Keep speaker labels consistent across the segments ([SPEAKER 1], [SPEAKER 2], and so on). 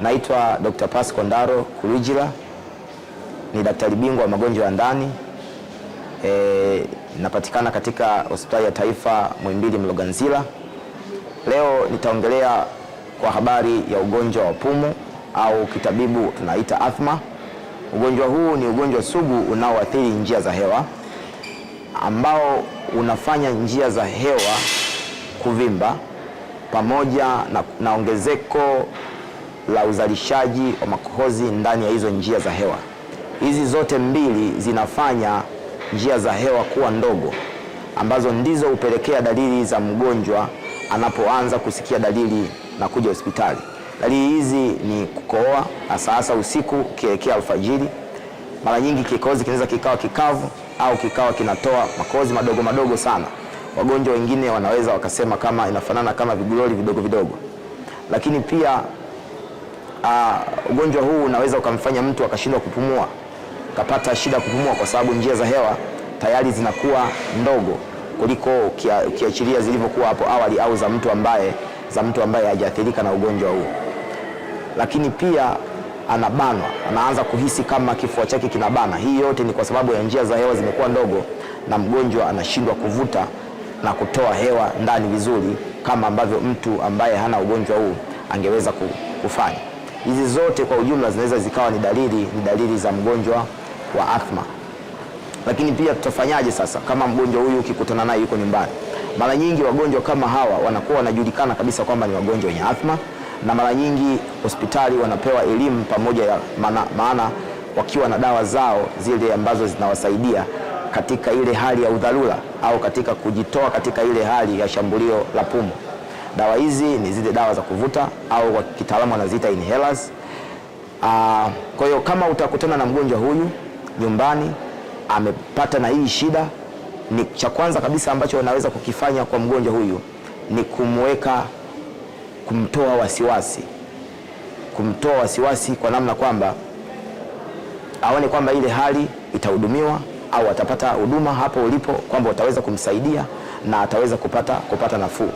[SPEAKER 1] Naitwa Dr. Pasco Ndaro Kulijila, ni daktari bingwa wa magonjwa ya ndani e, napatikana katika hospitali ya taifa Muhimbili Mloganzila. Leo nitaongelea kwa habari ya ugonjwa wa pumu au kitabibu tunaita athma. Ugonjwa huu ni ugonjwa sugu unaoathiri njia za hewa ambao unafanya njia za hewa kuvimba pamoja na, na ongezeko la uzalishaji wa makohozi ndani ya hizo njia za hewa. Hizi zote mbili zinafanya njia za hewa kuwa ndogo ambazo ndizo hupelekea dalili za mgonjwa anapoanza kusikia dalili na kuja hospitali. Dalili hizi ni kukohoa, hasa hasa usiku ukielekea alfajiri. Mara nyingi kikohozi kinaweza kikawa kikavu au kikawa kinatoa makohozi madogo madogo sana. Wagonjwa wengine wanaweza wakasema kama inafanana kama viguloli vidogo vidogo, lakini pia Ah, ugonjwa huu unaweza ukamfanya mtu akashindwa kupumua, kapata shida kupumua, kwa sababu njia za hewa tayari zinakuwa ndogo kuliko ukiachilia zilivyokuwa hapo awali au za mtu ambaye za mtu ambaye hajaathirika na ugonjwa huu. Lakini pia anabanwa, anaanza kuhisi kama kifua chake kinabana. Hii yote ni kwa sababu ya njia za hewa zimekuwa ndogo na mgonjwa anashindwa kuvuta na kutoa hewa ndani vizuri kama ambavyo mtu ambaye hana ugonjwa huu angeweza kufanya. Hizi zote kwa ujumla zinaweza zikawa ni dalili ni dalili za mgonjwa wa athma. Lakini pia tutafanyaje sasa kama mgonjwa huyu ukikutana naye yuko nyumbani? Mara nyingi wagonjwa kama hawa wanakuwa wanajulikana kabisa kwamba ni wagonjwa wenye athma, na mara nyingi hospitali wanapewa elimu pamoja ya maana, maana wakiwa na dawa zao zile ambazo zinawasaidia katika ile hali ya udharura au katika kujitoa katika ile hali ya shambulio la pumu. Dawa hizi ni zile dawa za kuvuta au kwa kitaalamu wanaziita inhalers. Ah, kwa hiyo kama utakutana na mgonjwa huyu nyumbani amepata na hii shida, ni cha kwanza kabisa ambacho unaweza kukifanya kwa mgonjwa huyu ni kumweka, kumtoa wasiwasi, kumtoa wasiwasi kwa namna kwamba aone kwamba ile hali itahudumiwa au atapata huduma hapo ulipo, kwamba utaweza kumsaidia na ataweza kupata, kupata nafuu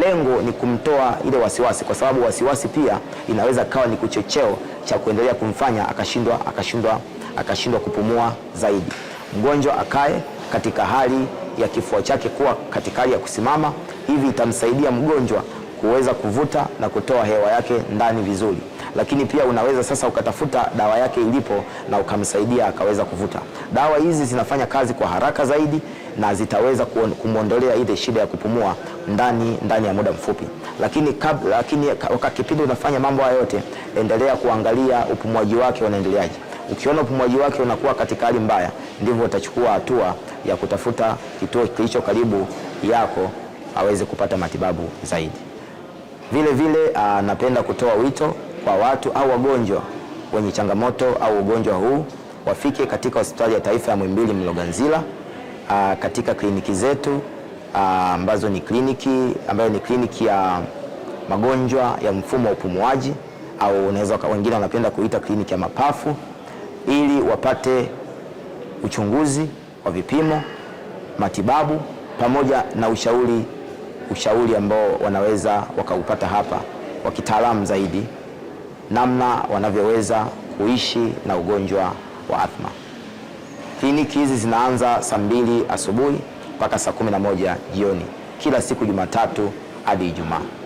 [SPEAKER 1] lengo ni kumtoa ile wasiwasi, kwa sababu wasiwasi pia inaweza kawa ni kuchocheo cha kuendelea kumfanya akashindwa akashindwa akashindwa kupumua zaidi. Mgonjwa akae katika hali ya kifua chake kuwa katika hali ya kusimama, hivi itamsaidia mgonjwa kuweza kuvuta na kutoa hewa yake ndani vizuri, lakini pia unaweza sasa ukatafuta dawa yake ilipo na ukamsaidia akaweza kuvuta. Dawa hizi zinafanya kazi kwa haraka zaidi na zitaweza kumwondolea ile shida ya kupumua ndani ndani ya muda mfupi. Lakini kabla, lakini wakati kipindi unafanya mambo haya yote, endelea kuangalia upumuaji wake unaendeleaje. Ukiona upumuaji wake unakuwa katika hali mbaya, ndivyo utachukua hatua ya kutafuta kituo kilicho karibu yako aweze kupata matibabu zaidi. Vile vile a, ah, napenda kutoa wito kwa watu au wagonjwa wenye changamoto au ugonjwa huu wafike katika hospitali ya taifa ya Muhimbili Mloganzila uh, katika kliniki zetu ah, ambazo uh, ni kliniki ambayo ni kliniki ya magonjwa ya mfumo wa upumuaji au unaweza wengine wanapenda kuita kliniki ya mapafu, ili wapate uchunguzi wa vipimo, matibabu pamoja na ushauri ushauri ambao wanaweza wakaupata hapa wa kitaalamu zaidi, namna wanavyoweza kuishi na ugonjwa wa athma. Kliniki hizi zinaanza saa mbili asubuhi mpaka saa kumi na moja jioni kila siku Jumatatu hadi Ijumaa.